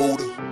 Buddha.